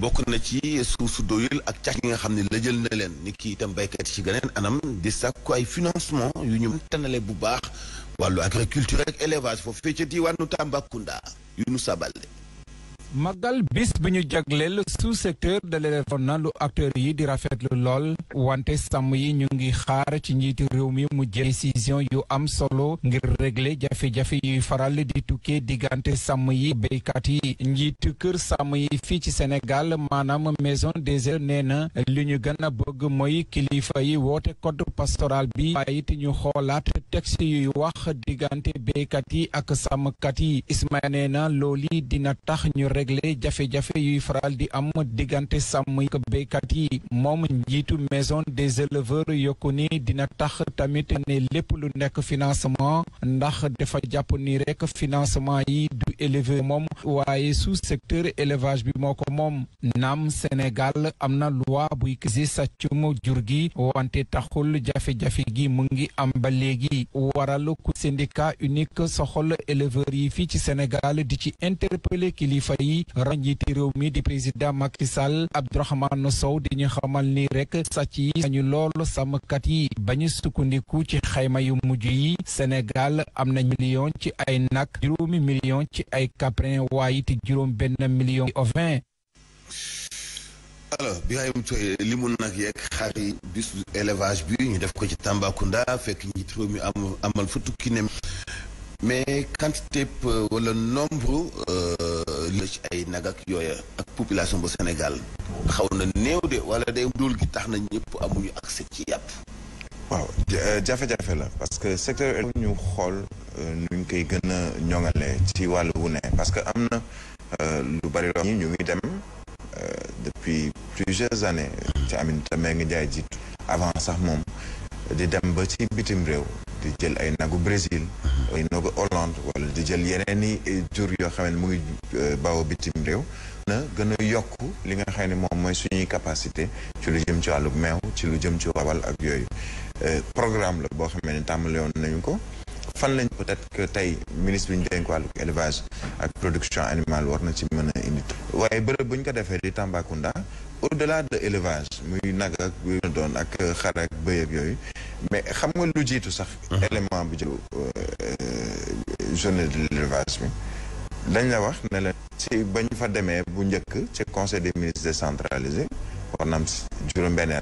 bokk na ci suuf su doyul ak càcc yi nga xam ne jël na leen ni ki itam béykat yi ci geneen anam di sàkku ay financement yu ñu tanale bu baax wàllu agriculture ak élevage foofu fee ca diwaanu Tambacounda yu nu sabale màggal bis bi ñu jagleel sous secteur de l'éléphant na lu acteurs yi di rafetlu lool wante sàmm yi ñu ngi xaar ci njiitu réew mi mu jël décision yu am solo ngir régler jafe-jafe yuy faral di tukkee diggante sàmm yi béykat yi njiitu kër sàmm yi fii ci Sénégal maanaam maison des aires nee na li ñu gën a bëgg mooy kilifa yi woote code pastoral bi waaye it ñu xoolaat texte yuy wax diggante béykat yi ak sàmmkat yi Ismaïla nee na looli dina tax ñu régler jafe-jafe yuy faral di am diggante sàmm ak béykat yi moom njiitu maison des éleveurs yokku ni dina tax tamit ne lépp lu nekk financement ndax dafa jàpp ni rek financement yi du éleveur moom waaye sous secteurs élevage bi moo ko moom naam Sénégal am na loi buy kisi sàccum jur gi wante taxul jafe-jafe gi mu ngi am ba léegi waral ku syndicat unique soxol éleveurs yi fii ci Sénégal di ci interpeller kilifa yi yi njiiti réew mi di président Macky Sall Abdourahmane Sow di ñu xamal ni rek sàcc yi sañu loolu sàmmkat yi bañu sukkandiku ci xayma yu mujj yi Sénégal am na million ci ay nag juróomi million ci ay caprin waaye te juróom benn million ovin alors Birahim Touré nag yeeg bi ñu def ko ci Tambacounda fekk amal fa tukki ne mais quantité wala nombre euh, li ci ay nag yooya ak population bu Sénégal xaw na néew de wala day ndóol gi tax na ñëpp amuñu accès ci yàpp waaw jafe-jafe la parce que secteur ñu xool euh, nuñ koy gën ñoŋale ci wàllu wu ne parce que am na euh, lu bari loo ñu ngi dem depuis plusieurs années ci Aminata ngi Ndiaye jiitu avant sax moom di dem ba ci bitim réew di jël ay nagu Brésil na ko Hollande wala di jël yeneen i tur yoo xam ne mu ngi euh, bawoo bitim réew na gën a yokk li nga xam ne moom mooy suñuy capacité ci lu jëm ci wàllu meew ci lu jëm ci wabal ak yooyu euh, programme la boo xam ne tàmbale woon nañu ko fan lañ ko être tey ministre bi ñu dénk wàllu élevage ak production animale war na ci mën a indi waaye bërëb bu ñu ko defee di Tambacounda de delà de élevage muy nag ak bu doon ak xar ak bëy yooyu mais xam nga lu jiitu sax. Mhm. élément bu euh, jëlu journée de l'élevage bi dañ la wax nela la ci bañ fa demee bu njëkk ci conseil des ministres décentralisé war na am juróom-benn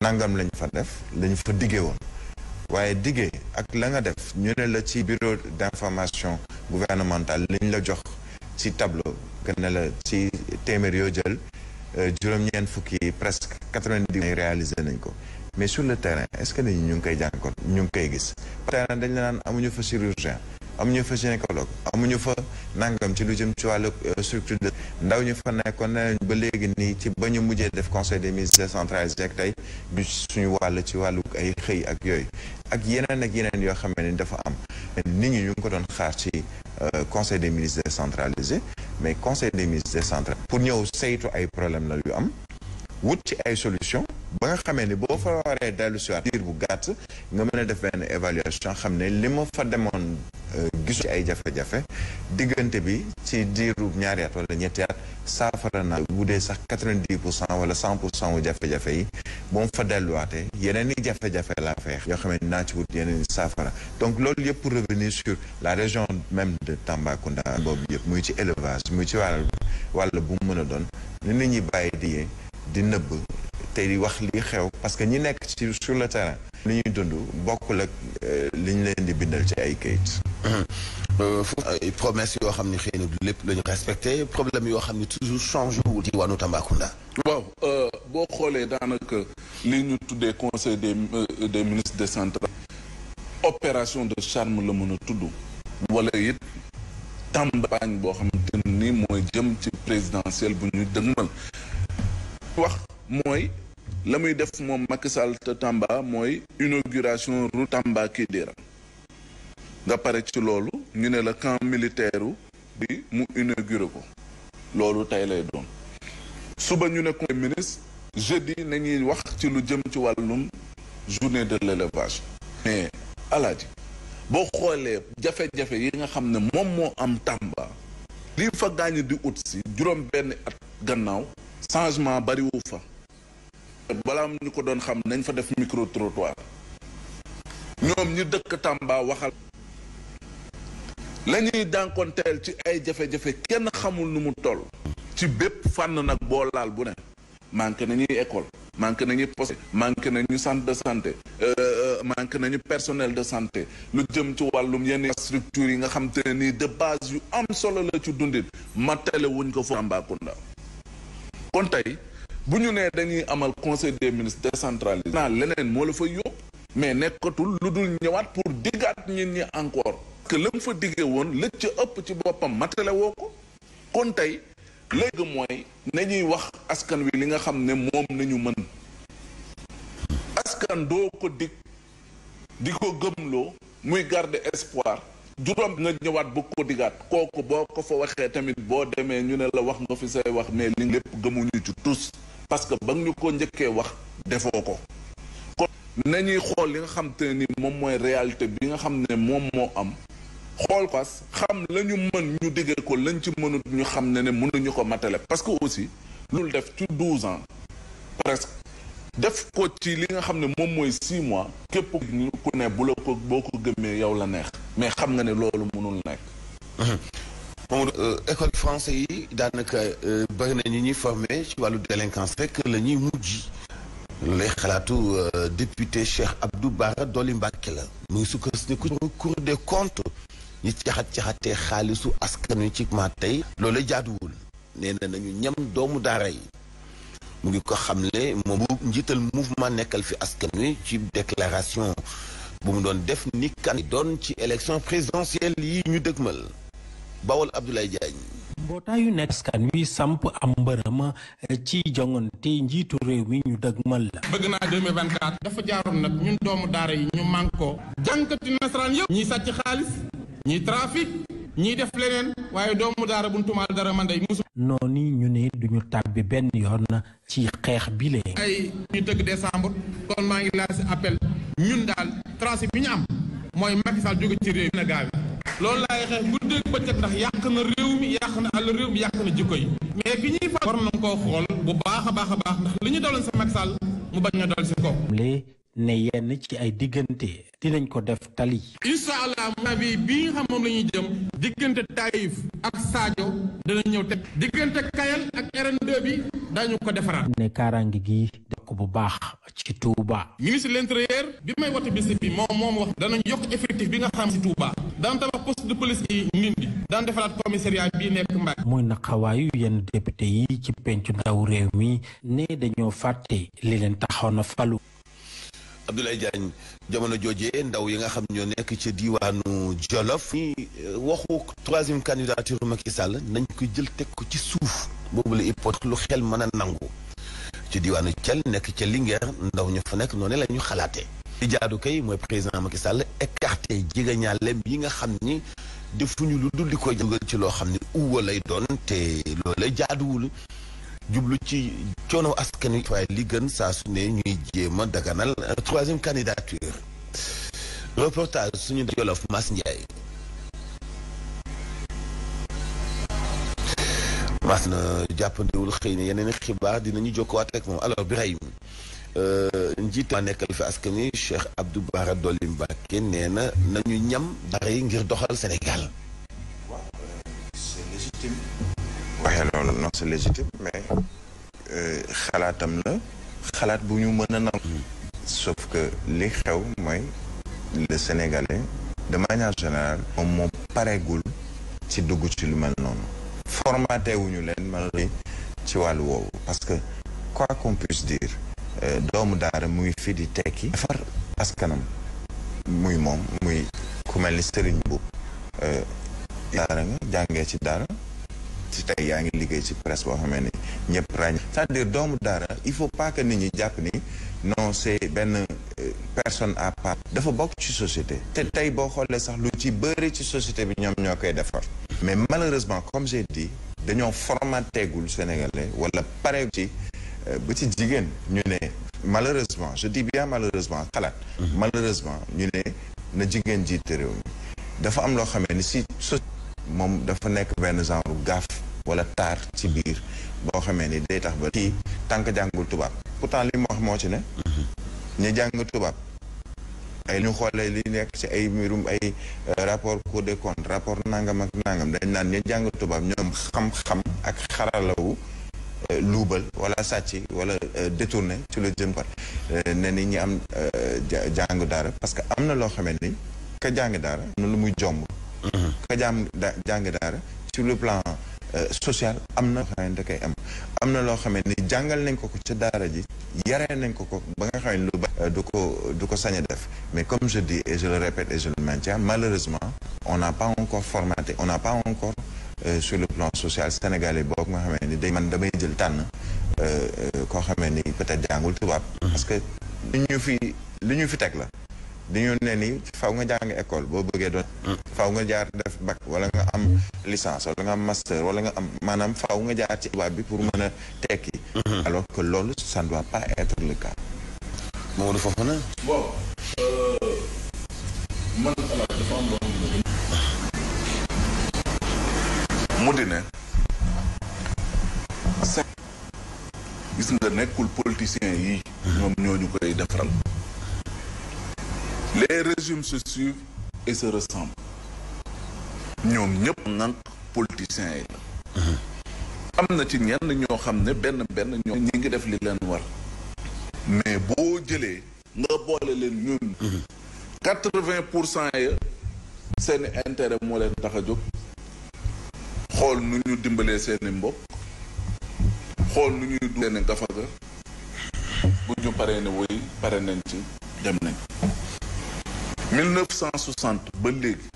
nangam lañ fa def lañ fa diggee woon waaye diggee ak la nga def ñu ne la ci bureau d'information gouvernementale liñ la jox ci tableau que ne la ci téeméer yoo jël. Euh, juróom-ñeent fukki presque quatre-vingt-dix nay réalisé nañ ko mais sur le terrain est-ce que nit ñi ñu ngi koy jànkoon ñu ngi koy gis terrain dañ la naan amuñu fa chirurgien amuñu fa gynécologue amuñu fa nangam ci lu jëm ci wàllu euh, structure de ndaw ñu fa nekkoon nañ ba léegi nii ci ba ñu mujjee def conseil des ministres décentralisé ak tey du suñu wàll ci wàllu ay xëy ak yooyu ak yeneen ak yeneen yoo xam ne dafa am nit ñi ñu ngi ko doon xaar ci euh, conseil des ministres décentralisé mais conseil des ministres décentralisé pour ñëw saytu ay problème la yu am wut ci ay solution ba nga xamee ni boo fa waree dellu si waat diir bu gàtt nga mën a def benn évaluation xam ne li ma fa demoon euh, gisu ci ay jafe-jafe diggante bi ci diiru ñaari at wala ñetti at saafara naa bu dee sax quatre vingt pour cent wala cent pour cent wu jafe-jafe yi ba mu fa delluwaatee yeneen i jafe-jafe laa feex yoo xam ne naa ci wut yeneen i saafara donc loolu yëpp pour revenir sur la région même de Tambacounda boobu yëpp muy ci élevage muy ci wàll wàll bu mu mën a doon ni nit ñi bàyyi di di nëbb tey di wax li xew parce que ñi nekk ci sur le terrain li ñu dund bokkul ak euh, li ñu leen di bindal ci ay kayit. Euh, foofu euh, ay promesse yoo xam ne xëy lépp la ñu respecté problème yoo xam ne toujours changé wul ci wàllu Tambacounda. waaw boo xoolee daanaka li ñu tuddee conseil des des ministres décentralisé opération de charme la mën a tudd wala it campagne boo xam xamante ni mooy jëm ci présidentielle bu ñu dëgmal wax. mooy la muy def moom Macky Sall Tamba mooy inauguration route Tamba Kidira nga pare ci loolu ñu ne la camp militaire bi mu inauguré ko loolu tey lay doon suba ñu ne conseil ministre jeudi nañuy wax ci lu jëm ci wàllum journée de l'élevage mais alaaji boo xoolee jafe-jafe yi nga xam ne moom moo am Tamba lii fa gaañ di ut si juróom benn at gannaaw changement bariwu fa balaa ñu ko doon xam nañ fa def micro trottoir ñoom ñu dëkk Tamba waxal la ñuy dànkonteel ci ay jafe-jafe kenn xamul nu mu toll ci bépp fànn nag boo laal bu ne manqué nañuy école manqué nañuy poste manqué nañu centre de santé euh, euh, manqué nañu personnel de santé lu jëm ci wàllum yenn structure yi nga xam te nii de base yu am solo la ci dundin matale wuñ ko foofu Tambacounda kon tey bu ñu nee dañuy amal conseil des ministres décentralisé naa leneen moo la fa yóbbu mais nekkatul lu dul ñëwaat pour diggaat ñin ñi encore que la mu fa diggee woon la ci ëpp ci boppam matale woo ko kon tey léegi mooy ñuy wax askan wi li nga xam ne moom nañu mën askan doo ko dig di ko gëmloo muy garder espoir juróom nga ñëwaat bu ko digaat kooku boo ko fa waxee tamit boo demee ñu ne la wax nga fi say wax mais li lépp gëmuñu ci tous parce que ba nga ñu ko njëkkee wax defoo ko kon nañuy xool li nga xam te ni moom mooy réalité bi nga xam ne moom moo am xool ko xam la ñu mën ñu diggee ko lañ ci mënut ñu xam ne ne mënuñu ko matale parce que aussi loolu def ci douze ans presque def ko ci li nga xam ne moom mooy six mois képp ku ne bu la ko boo ko gëmee yow la neex mais xam nga ne loolu mënul nekk Mamadou euh, école français yi daanaka euh, bëri na ñi ñuy formé ci wàllu délinquance rek la ñuy mujj lay xalaatu euh, député Cheikh Abdou Bara Dolly Mbacké la mu ngi sukkandiku ci Cour de comptes ñi caxat-caxatee xaalisu askan wi ci ma tey loolu jaaduwul nee nañu ñam doomu daara yi mu ngi ko xamle moom bu njiital mouvement nekkal fi askan wi ci déclaration bu mu doon def ni kan doon ci élection présidentielle yi ñu dëgmal Bawol Abdoulaye Diagne. mbootaayu nekk askan wi samp am mbërëm eh, ci jongante njiitu réew mi ñu dëgmal la. bëgg naa 2024 dafa jaaroon nag ñun doomu daara yi ñu mànkoo jànkati nasaraan yëpp. ñii sàcc xaalis ñii trafic ñii def leneen waaye doomu daara bu ñu tumaal dara man day musu. noonu ñu ne duñu tàbbi benn yoon ci xeex bile. ay ñu dëgg décembre kon maa ngi laaj si appel ñun daal tracé bi ñu am. mooy Macky Sall jóge ci réew mi na gaaw loolu laay xeex guddeeg bëccëg ndax yàq na réew mi yàq na àll réew mi yàq na jikko yi mais ki ñuy fal war nañ koo xool bu baax a baax a baax ndax li ñu daloon sa Macky Sall mu bañ a dal si ko ne yenn ci ay diggante dinañ ko def tali. incha allah nabi bi nga xam moom la ñuy jëm diggante Taïf ak saajo dana ñëw teg diggante Kayal ak RN2 bi daañu ko defaraat. ne kaaraange gi def ko bu baax ci Touba. ministre de l'intérieur bi may wote bis bi moom moom wax danañ yokk effectif bi nga xam ci Touba daan tabax poste de police yi Ndindi daan defaraat commissariat bi nekk Mbacké. muy naqawaayu yenn député yi ci pencu ndaw réew mi ne dañoo fàtte li leen taxoon a falu. Abdoulaye Diagne jamono joojee ndaw yi nga xam ñoo nekk ci diwaanu Jolof ñi eh, waxu troisième candidature Macky Sall nañ ko jël teg ko ci suuf boobu la hypothèse lu xel mën a nangu ci diwaanu Thiel nekk ca Linguère ndaw ñu fa nekk noonu la ñu xalaatee li jaadu kay mooy président Macky Sall écarté jegeñaaleem yi nga xam ni defuñu lu dul di ko dugal ci loo xam ni uwa lay doon te jaaduwul jublu ci coono askan wi waaye li gën saa su ne ñuy jéem a daganal euh, troisième candidature reportage suñu Jolof Mass Ndiaye Mass na jàppandiwul xëy na yeneen xibaar dinañu jokkowaat ak moom alors Birahim euh, njiit ma nekkal fi askan wi Cheikh Abdou Bara Dolly Mbacké nee na nañu ñam dara ngir doxal Sénégal ci légitime mais euh, xalaatam la xalaat bu ñu mën a nangu que li xew mooy le sénégalais de manière générale moom moo pareegul ci dugg ci lu mel noonu formaté wuñu leen man ci wàllu woowu parce que quoi qu'on puisse dire euh, doomu daara muy fi di tekki defar askanam muy moom muy ku mel ni sëriñ bu euh, daara nga jàngee ci daara ci tey yaa ngi liggéey ci presse boo xamee ni ñëpp ràññ cest à doomu daara il faut pas que nit ñi jàpp ni non c'est benn euh, personne à part dafa bokk ci société te tey boo xoolee sax lu ci bëri ci société bi ñoom ñoo koy defar mais malheureusement comme j'ai dit dañoo formatéegul sénégalais wala pare ci euh, ba ci jigéen ñu ne malheureusement je dis bien malheureusement xalaat mhm. malheureusement ñu ne na jigéen jiite réew mi dafa am loo xamee ni si moom dafa nekk benn genre gaaf wala taar ci biir boo xamee ni day tax ba kii tànk jàngul tubaab pourtant li mu wax moo ci ne ñu jàng tubaab ay ñu xoolee li nekk ci ay mbirum ay euh, rapport Cour des comptes rapport nangam ak nangam dañ naan ñu jàng tubaab ñoom xam-xam ak xaralawu euh, luubal wala sàcc wala euh, détourné ci la jëm ko ne ni ñi am jàngu daara parce que am na loo xamee ni ka jàng daara am lu muy jomb ka jàng da jàng daara sur le plan euh, social am na loo xam ne am na loo xam ne jàngal nañ ko ko ca daara ji yaree nañ ko ko ba nga xam ne lu ba euh, du ko du ko sañ a def mais comme je dis et je le répète et je le maintiens malheureusement on n'a pas encore formaté on a pas encore euh, sur le plan social sénégalais boobu nga xam ni day man damay jël tànn koo xam ni peut-être jàngul tubaab parce que li ñu fi li ñu fi teg la dañu ne ni faw nga jàng école boo bëggee doon faaw nga jaar def bac wala nga am licence wala nga am master wala nga am maanaam faaw nga jaar ci tubaab bi pour mën a tekki. Mhm. alors que loolu ça ne doit pas être le cas. Mamadou Fofana. bon euh, man ala dafa am loo yi. Mhm. ñoom ñu koy defaral. les régimes se suivent et se ressemblent. ñoom ñëpp nan politiciens yi la am na ci ñenn ñoo xam ne benn benn ñoo ñi ngi def li leen war mais boo jëlee nga boole leen ñun quatre-vingt pour cent ya seeni intérêt moo leen tax a jóg xool nu ñu dimbalee seeni mbokk xool nu ñuy du seeni gafaga bu ñu pare ne woy pare nañ ci dem nañ mille neuf ba léegi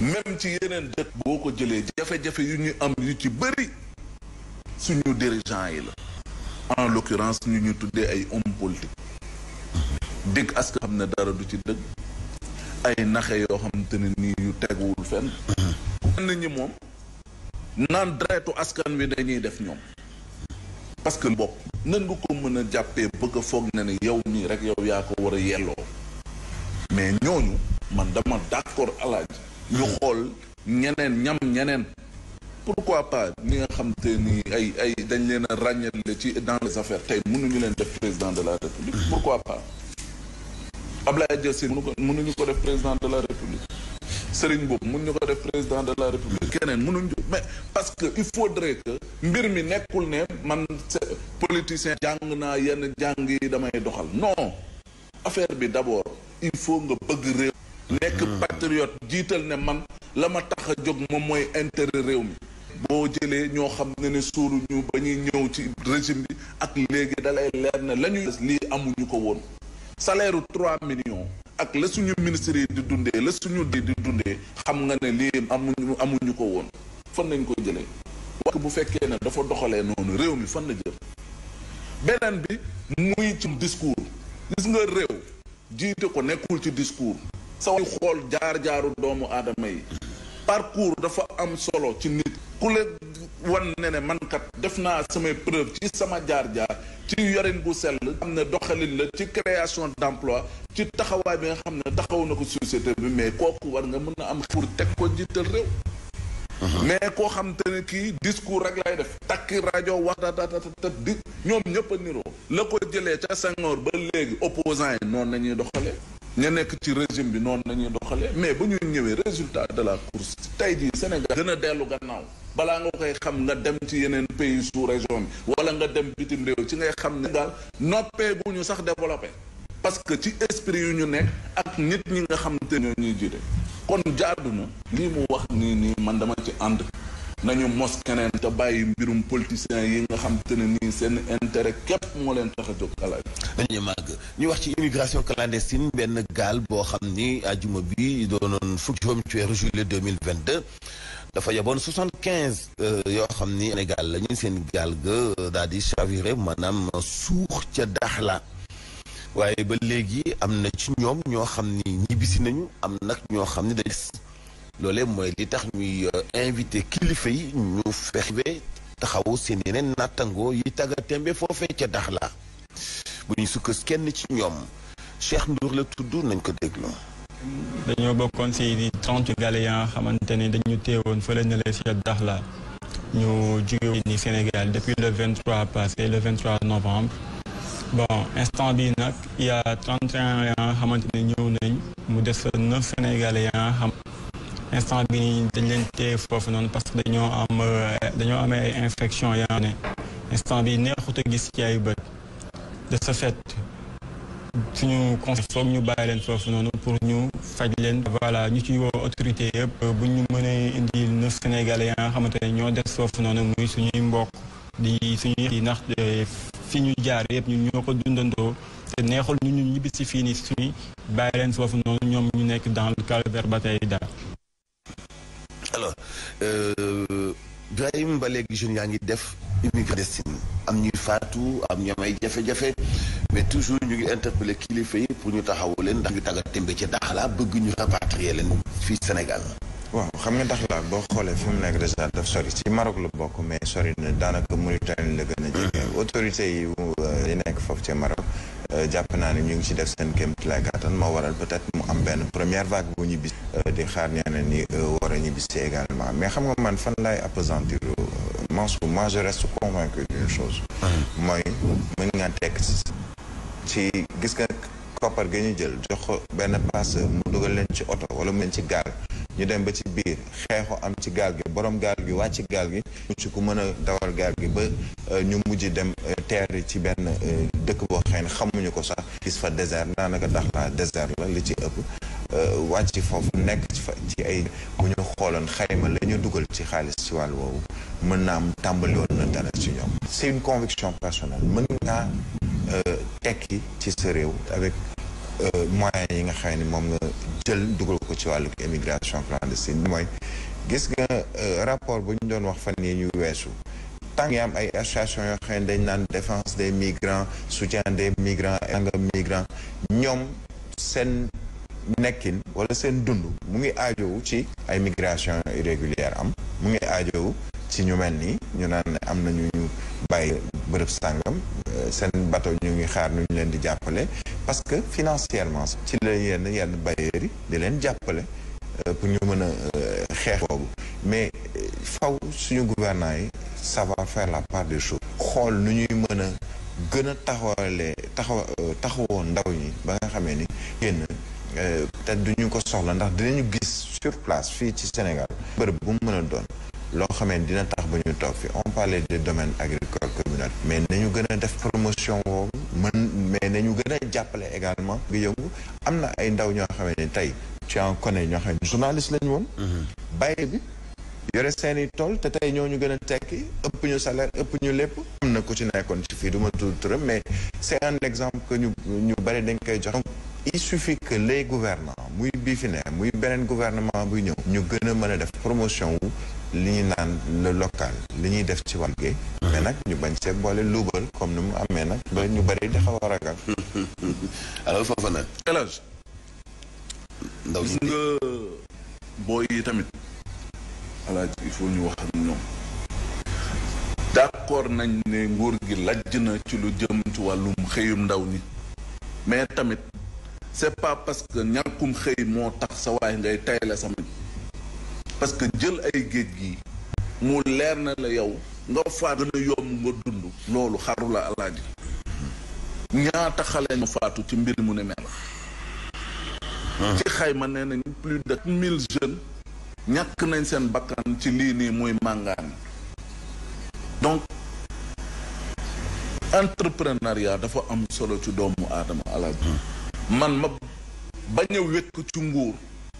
même ci yeneen dëkk boo ko jëlee jafe-jafe yu ñu am yu ci bëri suñu dirigeant yi la en l'occurrence ñu ñu tuddee ay homme politique dégg askan xam na dara du ci dëgg ay naxe yoo xamante ne nii yu teguwul fenn ñenn ñi moom naan deretu askan wi dañuy def ñoom parce que bopp nan nga ko mën a jàppee bëgg foog na ne yow nii rek yow yaa ko war a yelloo mais ñooñu man dama d'accord alaaj ñu xool ñeneen ñam ñeneen pourquoi pas ni nga xam te ni ay ay dañ leen a ràññale ci dans les affaires tey mënuñu leen def président de la république pourquoi pas Ablaye Dia Sy mënu ko mënuñu ko def président de la république Serigne Mboup mënuñu ko def président de la république keneen mënuñu mais parce que il faudrait que mbir mi nekkul ne man se politicien jàng naa yenn jàng yi damay doxal non affaire bi d'abord il faut nga bëgg réew nekk hmm. patriote jiital ne man la ma tax a jóg moom mooy intérêt réew mi boo jëlee ñoo xam ne ne suuru ñu ba ñuy ñëw ci régime bi ak léegi dalay leer na lañuy des lii amuñu ko woon salaire trois millions ak la suñu ministre yi di dundee la suñu di di dundee xam nga ne lii amuñu amuñu ko woon fan nañ ko jëlee wax bu fekkee ne dafa doxalee noonu réew mi fan la jëm beneen bi muy ci discours gis nga réew jiite ko nekkul ci discours saway xool jaar-jaaru doomu aadama yi parcours dafa am solo ci nit ku la wan ne ne man kat def naa samay preuve ci sama jaar-jaar ci yorin bu sell am ne doxalin la ci création d'emploi ci taxawaay bi nga xam ne taxawu na ko société bi mais kooku war nga mën a am pour teg ko jiital réew mais koo xam te ne kii discours rek lay def takki rajo wax datatatata di ñoom ñëpp a niroo la ko jëlee ca Senghor ba léegi opposant yi noonu nañuy doxalee ña nekk ci régime bi noonu nañuy doxalee mais ba ñu ñëwee résultat de la course tey jii Sénégal gën a dellu gannaaw balaa nga koy xam nga dem ci yeneen pays sous région bi wala nga dem bitim réew ci ngay xam ne daal noppee bu ñu sax développé parce que ci esprit yu ñu nekk ak nit ñi nga xam te ñoo ñuy jiite kon jaadu na lii mu wax nii nii man dama ci ànd nañu mos keneen te bàyyi mbirum politiciens yi nga xam te ne nii seen intérêt képp moo leen tax a jóg alaaj dañuy màgg ñu wax ci immigration clandestine benn gaal boo xam ni ajuma bi doonoon fukki juróom ci weeru juillet 2022 dafa yaboon soixante quinze euh, yoo xam ni Sénégal la ñu seen gaal ga euh, daal di chaviré maanaam suux ca Daxla waaye ba léegi am na ci ñoom ñoo xam ni ñibbisi nañu am nag ñoo xam ni dañu loolee mooy li tax ñuy euh, invité kilifa yi ñu fexe taxawu seen yeneen nattangoo yi tagga tembe foofee ca Dakhla bu ñu sukkas kenn ci ñoom Cheikh Ndour la tudd nañ ko déglu dañoo bokkoon si trente gale ya nga xamante ne dañu teewoon fële na lee ca Dakhla ñu jóge ni Sénégal depuis le 23 passé le 23 novembre bon instant bi nag il y a xamante ne ñëw nañ mu des neuf Sénégalais xam instant bi nii dañ leen téye foofu noonu parce que dañoo am dañoo amee ay infection yaa ne instant bi neexut a gis ci ay bët de ce fait suñu conseil foog ñu bàyyi leen foofu noonu pour ñu faj leen voilà ñu ci woo autorité yëpp bu ñu mënee indi neuf sénégalais yaa nga xamante ne ñoo des foofu noonu muy suñuy mbokk di suñuy yi ndax eh, fi ñu jaar yëpp ñu ñoo ko dundandoo te neexul ñu ñun ñibbi si fii ni suñu bàyyi leen foofu noonu ñoom ñu nekk dans le calvaire ba tey daal alors euh, Ibrahim ba léegi jeunes yaa ngi def immigration clandestine am ñuy faatu am ñu jafe-jafe mais toujours ñu ngi interpellé kilifa yi pour ñu taxawu leen ndax ñu tàgga témbe ci Dakhla bëgg ñu rapatrier leen fii Sénégal waaw xam nga Dakhla boo xoolee fi mu nekk déjà daf sori ci Maroc la bokk mais sori na daanaka Mauritanie la gën a jege mm-hmm. autorité euh, yi nekk foofu ci Maroc Euh, jàpp naa ne ñu ngi ci def seen kéemtalaay kattan moo waral peut-être mu am benn première vague bu ñibbisi euh, di xaar ñeneen ni euh, war a ñibbisi également mais xam nga man fan laay appesantir Mansour moi je reste convaincu d'une chose ah. mooy mën nga teg ci gis nga koppar ga ñu jël jox ko benn passeur mu dugal leen ci oto wala mu leen ci gaal ñu dem ba ci biir xeexu am ci gaal gi borom gaal gi wàcc gaal gi mu ci ku mën a dawal gaal gi ba euh, ñu mujj dem euh, teer ci benn euh, dëkk boo xëy na xamuñu ko sax gis fa désert daanaka dax laa désert la li ci ëpp wàcc foofu nekk ci fa ay bu ñu xooloon xayma la ñu dugal ci xaalis ci wàll woowu mën naa am tàmbali woon na dara ci ñoom c'est une conviction personnelle mën ngaa tekki ci sa réew avec euh, moyens yi nga xam ne moom nga jël dugal ko ci wàllu immigration clandestine bi mooy gis nga euh, rapport bu ñu doon wax fan yi ñu weesu tant ngi am ay association yoo xam ne dañ naan défense des migrants soutien des migrants engagement migrants ñoom seen nekkin wala seen dund mu ngi aajowu ci ay migration irrégulière am mu ngi aajowu ci ñu mel nii ñu naan am na ñu ñu bàyyi bërëb sàngam euh, seen bato ñu ngi xaar nu ñu leen di jàppale parce que financièrement ci la yenn yenn bailleurs yi di leen jàppale euh, pour ñu mën a euh, xeex boobu mais faw suñu gouvernants yi savoir faire la part de choses xool nu ñuy mën a gën a taxawalee taxaw taxawoo ndaw ñi ba nga xamee ni génn te duñu ko soxla ndax dinañu gis sur place fii ci Sénégal bërëb bu mu mën a doon loo xamee dina tax bañu ñu toog fi on parlait de domaine agricole communal mais nañu gën a def promotion woowu mën mais nañu gën a jàppale également nga yëngu am na ay ndaw ñoo xamee ne tey tu en connais ñoo xamee journaliste lañu woon mm-hmm. bàyyi bi yore seeni tool te tey ñoo ñu gën a tekki ëpp ñu salaire ëpp ñu lépp am na ku ci nekkoon ci fii du ma tudd turam mais c'est un exemple que ñu ñu bari dañ koy jox il suffit que les gouvernants muy bii fi ne muy beneen gouvernement buy ñëw ñu gën a mën a def promotion wu li ñu naan le li ñuy def ci wàll gi nag ñu bañ see boole luubal comme ni mu amee nag ba ñu bëri di xaw a ragal alors foofa nag élage ndaw gis nga booy yi tamit alaaj il faut ñu wax ak ñoom d'accord nañ ne nguur gi lajj na ci lu jëm ci wàllum xëyum ndaw ñi mais tamit c'est pas parce que ñàkkum xëy moo tax sa waay ngay tayle samit parce que jël ay géej gi mu leer na la yow nga faatu gën yomb nga dund loolu xaru la alaaji ñaata xale faatu ci mbir mu ne mel ci xayma nee nañ plus de mille jeunes ñàkk nañ seen bakkan ci lii nii muy màngaan donc entrepreneuriat dafa am solo ci doomu aadama alaaji man ma bañ wekk ci nguur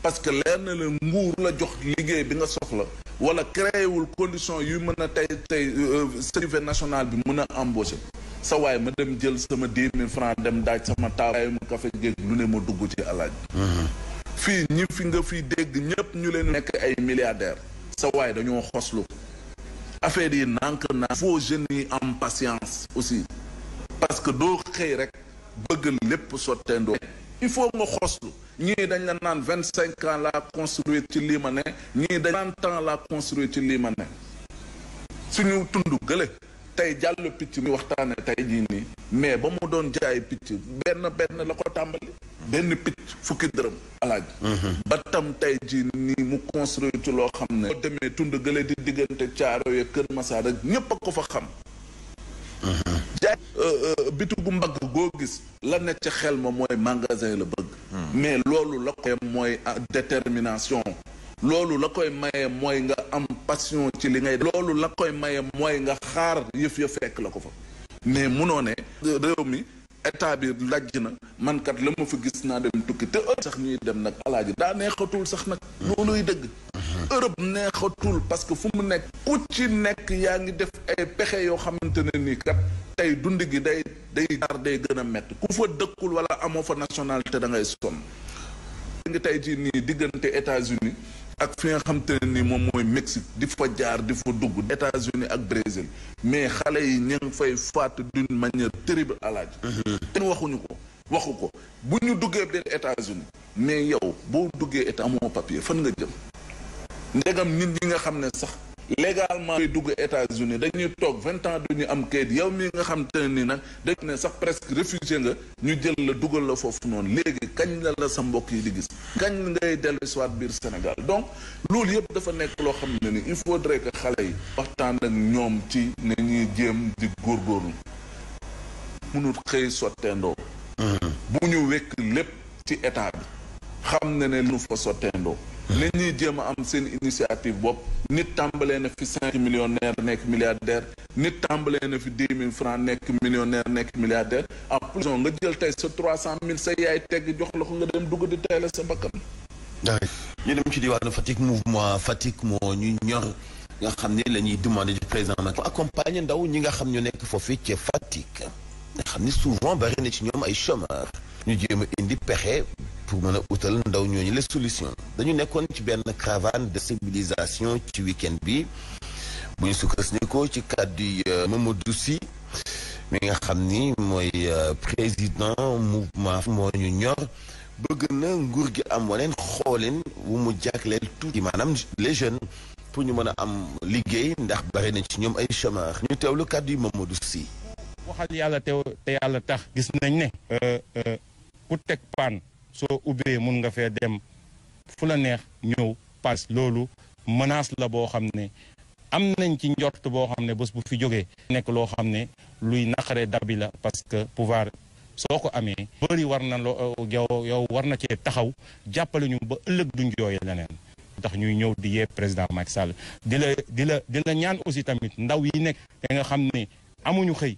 parce que leer na la nguur la jox liggéey bi nga soxla wala créé wul condition yu mën a tey tey euh, euh, service national bi mën a embaucher sa waay ma dem jël sama dix mille dem daaj sama taawaayu ma café géeg lu ne ma dugg ci alaaj mhm. fii ñi fi nga fi dégg ñépp ñu leen nekk ay milliardaires sa waay dañoo xoslu affaire yi nànk na faut jeunes yi am patience aussi parce que doo xëy rek bëgg lépp sotteendoo il faut nga xoslu ñii dañ la naan vingt cinq ans laa construire ci lii ma ne ñii dañ trente ans laa construire ci lii ma ne suñu tund gële tey jàll picc mi waxtaane tey jii nii mais ba mu doon jaay picc benn benn la ko tàmbali benn picc fukki dërëm alaaj mhm. ba tam tey jii nii mu construire ci loo xam ne boo demee tund gële di diggante caaro ye Kër Masaar ñépp a ko fa xam mhm. jaay euh, euh, bitigu mbagg goo gis la ne ca xel ma mooy magasin la bëgg mais loolu la koy mooy ah, détermination loolu la koy mayee mooy nga am passion ci li ngay loolu la koy maye mooy nga xaar yëf ya fekk la ko fa mais munoo ne réew mi état bi lajj na man kat la ma fa gis naa dem tukki te Europe sax ñuy dem nag alaaji daa neexatul sax nag. looluy dëgg. Europe neexatul parce que fu mu nekk ku ci nekk yaa ngi def ay pexe yoo xamante ne nii kat tey dund gi day day jaar day gën a ku fa dëkkul wala amoo fa nationalité da ngay sonn. ngi tey jii nii diggante États-Unis ak fi nga xam te ne ni moom mooy Mexique di fa jaar di fa dugg États-Unis ak Brésil mais xale yi ñu ngi fay faat d'une manière terrible alaaj ten mhm. waxuñu ko waxu ko bu ñu duggee biir États-Unis mais yow boo duggee état amoo papier fan nga jëm ndegam nit ñi nga xam ne sax légalement koy dugg États-Unis dañuy toog vingt ans duñu am kayit yow mii nga xam te ne nii nag dañ ne sax presque réfugié nga ñu jël la dugal la foofu noonu léegi kañ la la sa mbokk yi di gis kañ ngay dellu soit biir Sénégal donc loolu yëpp dafa nekk loo xam ne ni il faut faudrait que xale yi waxtaan ak ñoom ci ne ñuy jéem di góor góorlu mënut xëy sotteendoo bu ñu wekk lépp ci état bi xam ne ne lu fa sotteendoo nañuy jéem a am seen initiative bopp nit tàmbalee na fi cinq millionnaire nekk milliardaire nit tàmbalee na fi dix mille francs nekk millionnaire nekk milliardaire en plus nga jël tey sa trois cent mille sa yaay tegg jox la ko nga dem dugg di teele sa bakkan ñu ne mu ci diwaanu Fatick mouvement Fatick moo ñu ñor nga xam ne la ñuy demandé du président Macky accompagner ndaw ñi nga xam ñu nekk foofu ci Fatick nga xam ni souvent bari na ci ñoom ay chômeurs ñu jéem indi pexe pour mën a utal ndaw ñooñu les solutions dañu nekkoon ci benn caravane de civilisation ci week-end bi bu ñu sukkandikoo ci kàddu euh, Mamadou Sy mi nga xam ni mooy euh, président mouvement moo ñu ñor bëgg na nguur gi am waneen xooleen wu mu leen tout tuuti maanaam les jeunes pour ñu mën a am liggéey ndax bare na ci ñoom ay chômeurs ñu teewlu kàddu yi Mamadou Sy waxal yàlla teew te yàlla tax gis nañ ne euh, ku teg paan soo ubbee mun nga fee dem fu la neex ñëw paas loolu menace la boo xam ne am nañ ci njort boo xam ne bés bu fi jógee nekk loo xam ne luy naqare dabi la parce que pouvoir soo ko amee bëri war na loo yow yow war na cee taxaw jàppale ñu ba ëllëg duñ jooye leneen tax ñuy ñëw di yee président Macky Sall di la di la di ñaan aussi tamit ndaw yi nekk te nga xam ne amuñu xëy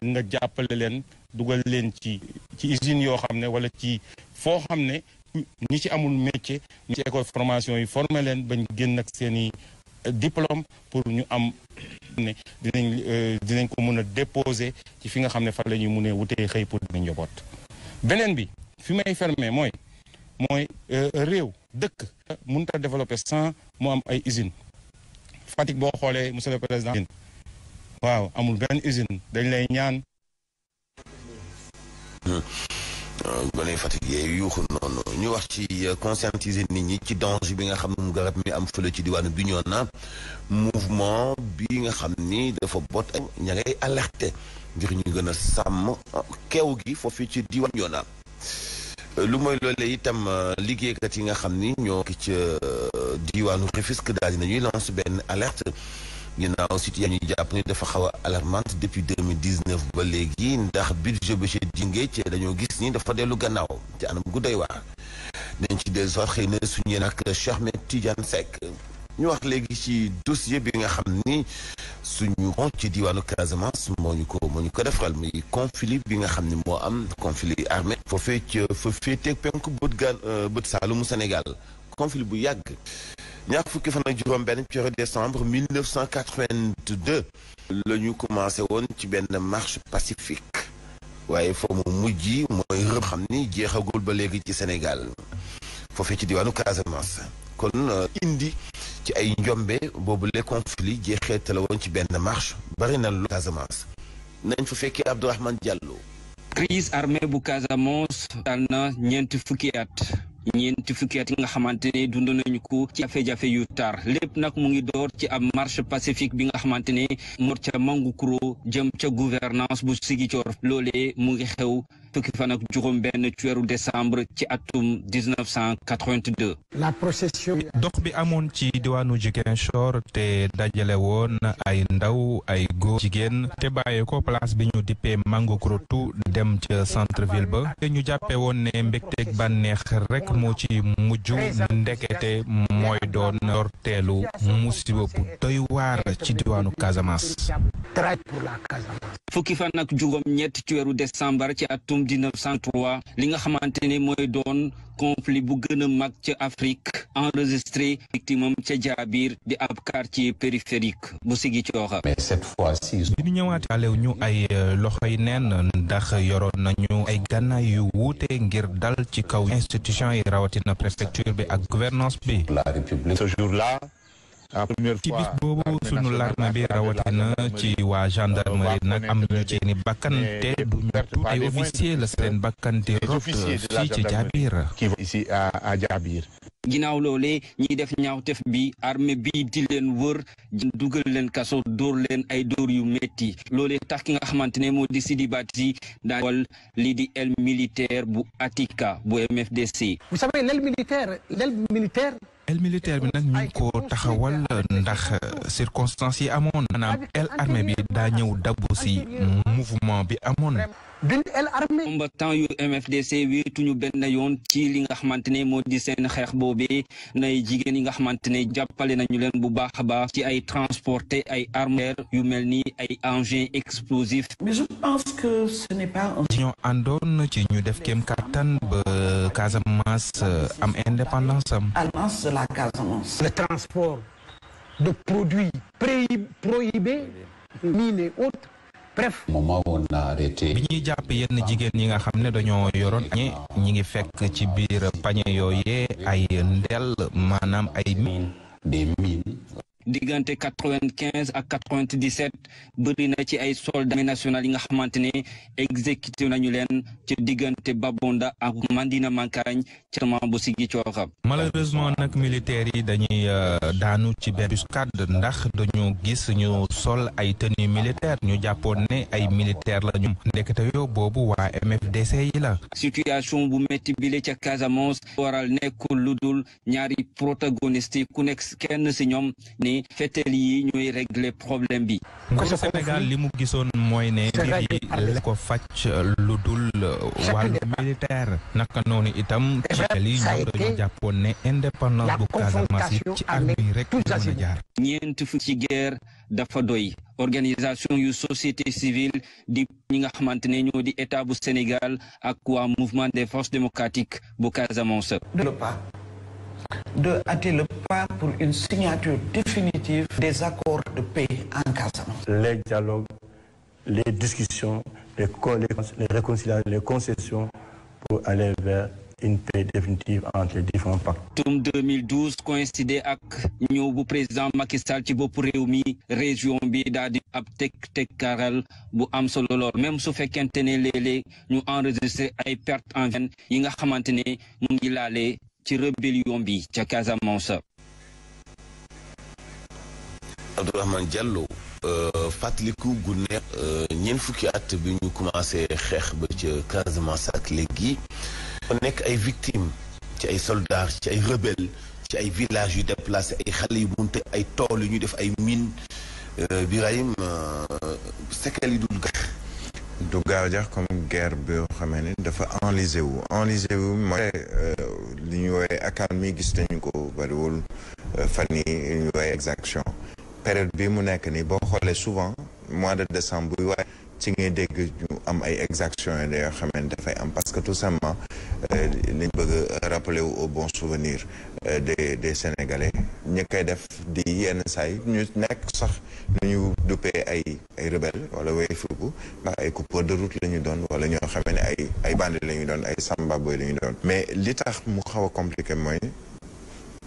nga jàppale leen dugal leen ci ci usines yoo xam ne wala ci foo xam ne ñi ci amul métier ñu ci école formation yi former leen bañ génn ak seen i euh, diplôme pour ñu am ne dinañ euh, dinañ ko mën a déposer ci fi nga xam ne fa la ñuy munee wutee xëy pour di njaboot beneen bi fi may fermer mooy mooy euh, réew dëkk mënut a développer sant mu am ay usines Fatick boo xoolee monsieur le président waaw amul benn usine dañ lay ñaan. Hmm. gone fatigué yuuxu noonu ñu wax ci euh, conscientiser nit ñi ci danger bi nga xam nu mu garab mi am fële ci diwaanu bi ñoo na mouvement bi nga xam ni dafa boot ay ña alerte alerté ñu gën a sàmm kew gi foofu ci diwaan ñoo na lu mooy loolee itam euh, liggéeykat yi nga xam ni ñoo ki ca euh, diwaanu Rufisque daal dinañuy lance benn alerte ginnaaw situation ñu jàpp ni dafa xaw a alarmante depuis 2019 ba léegi ndax budget bi ci jingéej dañoo gis ni dafa dellu gannaaw ci anam gu doy waar nañ ci dellu soir xëy na suñu nag Cheikh Ahmed Tidiane Seck ñu wax léegi ci dossier bi nga xam ni suñu on ci diwaanu Casamance moo ñu ko moo ñu ko defaral muy conflit bi nga xam ni moo am conflit armé foofee ca fa féetee penk bët gaan euh, bët saalumu Sénégal conflit bu yàgg ñaar fukki fan ak juróom-benn ci weeru décembre 1982 la ñu commencé woon ci benn marche pacifique waaye fa mu mujj mooy rëb xam ni jeexagul ba léegi ci Sénégal foofee ci diwaanu Casamance kon euh, indi ci ay njombe boobu les conflits jeexeeta la woon ci benn marche bari na lu Casamance nañ fu fekkee Abdourahmane Diallo. crise armée bu Casamance dal na ñeenti fukki at. ñeenti fukki at yi nga xamante ne dund nañu ko ci jafe-jafe yu tar lépp nag mu ngi door ci ab marché pacifique bi nga xamante ne mor ca Mangukuro jëm ca gouvernance bu Sigicoor loolee mu ngi xew fukki fan ak juróom benn ci weeru décembre ci atum 1982. dox bi amoon ci diwaanu Ziguinchor te dajale woon ay ndaw ay góor jigéen te bàyyee ko place bi ñu dippee Mango Krotu dem ca centre ville ba te ñu jàppee woon ne mbégteeg bànneex rek moo ci mujj ndekete mooy doon ndorteelu musiba bu doy waar ci diwaanu Casamance. fukki atum 1903 li nga xamante ne mooy doon conflit bu gën a mag ca Afrique enregistré victimam ca Jaabir di ab quartier périphérique bu Ziguinchor. mais cette fois-ci. bi ñu ñëwaatee alew ñu ay euh, loxoy neen ndax yoroon nañu ay gànnaay yu wuute ngir dal ci kaw institution yi rawatina préfecture bi ak gouvernance bi. ci bis boobu sunu larme bi rawatina ci waa gendarmerie nag am ñu seeni bakkante du ñu ay officier la seen bakkante rot fii ci Diabir. ginnaaw loolee ñi def ñaawtef bi armée bi di leen wër dugal leen kaso dóor leen ay dóor yu metti loole tax ki nga xamante ne moo di Sidi Badji daa wal lii di aile militaire bu Atika bu MFDC. vous el militaire bi nag ñu ngi ko taxawal ndax euh, circonstances yi amoon maanaam el armée bi daa ñëw dabu si mouvement bi amoon dañ yu MFDC wéetuñu benn yoon ci li nga xamante ne moo di seen xeex boobee nay jigéen yi nga xamante ne jàppale nañu leen bu baax a baax ci ay transporter ay armes yu mel ni ay engins explosifs. mais je pense que ce n'est pas ñoo àndoon ci ñu def kéem kattan ba Casamance euh, am indépendance am. alliance la Casamance. bref. moment où on a bi ñuy jàpp yenn jigéen ñi nga xam ne dañoo yoroon añe ñi ngi fekk ci biir pañe yooyee ay ndel maanaam ay. miin mines. diggante quatre-vingt-quinze ak quatre-vingt-dix-sept bëri na ci ay soldats nationaux yi nga xamante ne exécuté nañu leen ci diggante Babonda ak Mandina Mankagne cërment bu Ziguinchor. malheureusement nag militaires yi dañuy euh, daanu ci embuscade ndax dañu gis ñu sol ay tenue militaire ñu jàppoon ne ay militaire la ñu ndekete yoo boobu waa MFDC yi la. situation bu métti bile ca Casamance waral nekkul lu dul ñaari protagoniste ku nekk kenn si ñoom ni ni fetel yi ñooy régler problème bi. nguuru Sénégal li mu gisoon mooy ne mbir yi la ko fàcc lu dul wàllu militaire naka noonu itam fetel yi jàppoon ne indépendance bu Casamance yi ci armée yi rek la mën a jaar. ñeent fu ci guerre dafa doy organisation yu société civile di ñi nga xamante ne ñoo di état bu Sénégal ak waa mouvement des forces démocratiques bu Casamance. de hâter le pas pour une signature définitive des accords de paix en Casamance. Les dialogues, les discussions, les, les réconciliations, les concessions pour aller vers une paix définitive entre les différents pactes. tum 2012 ak ñëw bu président Macky ci bopp réew mi région bi daal di ab teg teg karal bu am solo lool même su fekkente ne léeg-léeg ñu enregistré ay pertes en veine yi nga xamante ne mu ci rébellion bi ca Casamance. Abdourahmane Diallo euh, fàttaliku gu neex euh, ñeent fukki at bi ñu commencé xeex ba ca Casamance ak léegi nekk ay victimes ci ay soldats ci ay rebel ci ay villages yu déplacé ay xale yu munte ay tool yu ñu def ay mines euh, Birahim sekkal yi dul gax du gaaw jax comme guerre boo xamee ne dafa enlisé wu enlisé wu li ñuy woowee accalmie gis nañu ko bariwul euh, fan yi ñu ñuy woowee exaction période bi mu nekk nii boo xoolee souvent mois de décembre buy waaye ci ngay dégg ñu am ay exactions yi yoo xam ne dafay am parce que tout simplement lañ euh, bëgg a rappeler wu au bon souvenir euh, de des sénégalais ñi koy def di yenn saa yi ñu nekk sax nu ñu duppee ay ay rebelle wala way fukk ndax ay coupeur de route la ñu doon wala ñoo xam ne ay ay bandi la ñu doon ay samba boy doon. mais li tax mu xaw a compliqué mooy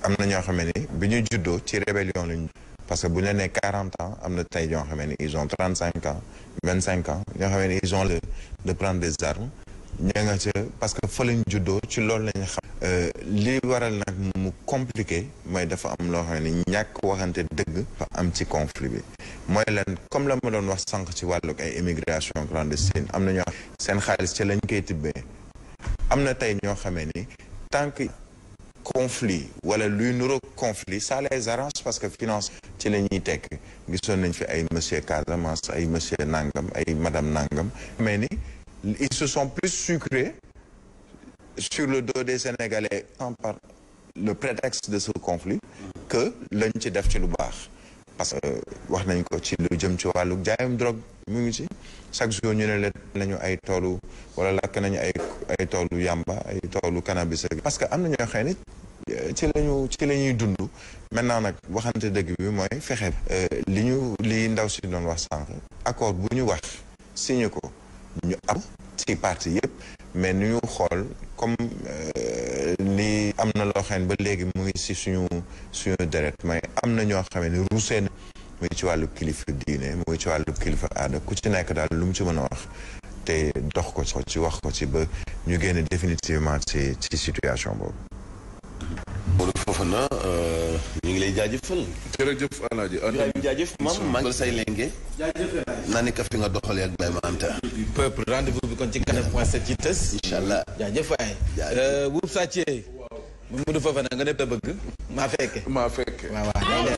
am na ñoo xam ne bi ñu juddoo ci rébellion lañu parce que bu neenee la nee quarante ans am na tey ñoo xam ne ils ont trente cinq ans vingt cinq ans ñoo xam ne ils ont le de prendre des armes ña nga ca parce que fa lañ juddoo ci loolu lañ xam. Euh, li waral nag mu compliqué mooy dafa am loo xam ne ñàkk waxante dëgg fa am ci conflit bi mooy lan comme la ma doon wax sànq ci wàllug ay immigration clandestine am na ñoo seen xaalis ca lañ koy tibbee am na tey ñoo xamee ni tant que conflit wala luy nuroog conflit ça les arrange parce que finance ci la ñuy tekk gisoon nañ fi ay monsieur Casamance ay monsieur Nangam ay madame Nangam mais ni ils se sont plus sucrés sur le dos des Sénégalais tant par le prétexte de ce conflit que lañ ci def ci lu baax parce que wax nañ ko ci lu jëm ci wàllu jaayum drogue mu ngi ci chaque jour ñu ne leen nañu ay toolu wala lakk nañu ay ay toolu yàmba ay toolu cannabis parce que am na ñoo xëy nit ci lañu ci la ñuy dund maintenant nag waxante dëgg bi mooy fexe euh, li ñu li ndaw si doon wax sànq accord bu ñu wax signé ko ñu am ci parti yëpp mais nu ñu xool comme li euh, am na loo xam ba léegi mu ngi si suñu suñu deret mais am na ñoo xam ne ruusee na muy ci wàllu kilifa diine muy ci wàllu kilifa aada ku ci nekk daal lu mu ci mën a wax te dox ko ci wax ko ci ba ñu génn définitivement ci ci situation boobu Modou Fofana euh, ñu ngi lay jaajëfal. jërëjëf Alaaji. jaajëf maam maa ngi say lenge. naa ne ka fi nga doxalee ak Baye Manta. peuple rendez-vous bi kon ci kanam point sept ci tës. incha allah jaajëf waay. jaajëf euh, Woup Sathié. Modou Fofana nga ne ta bëgg. maa fekke. maa fekke waaw waaw.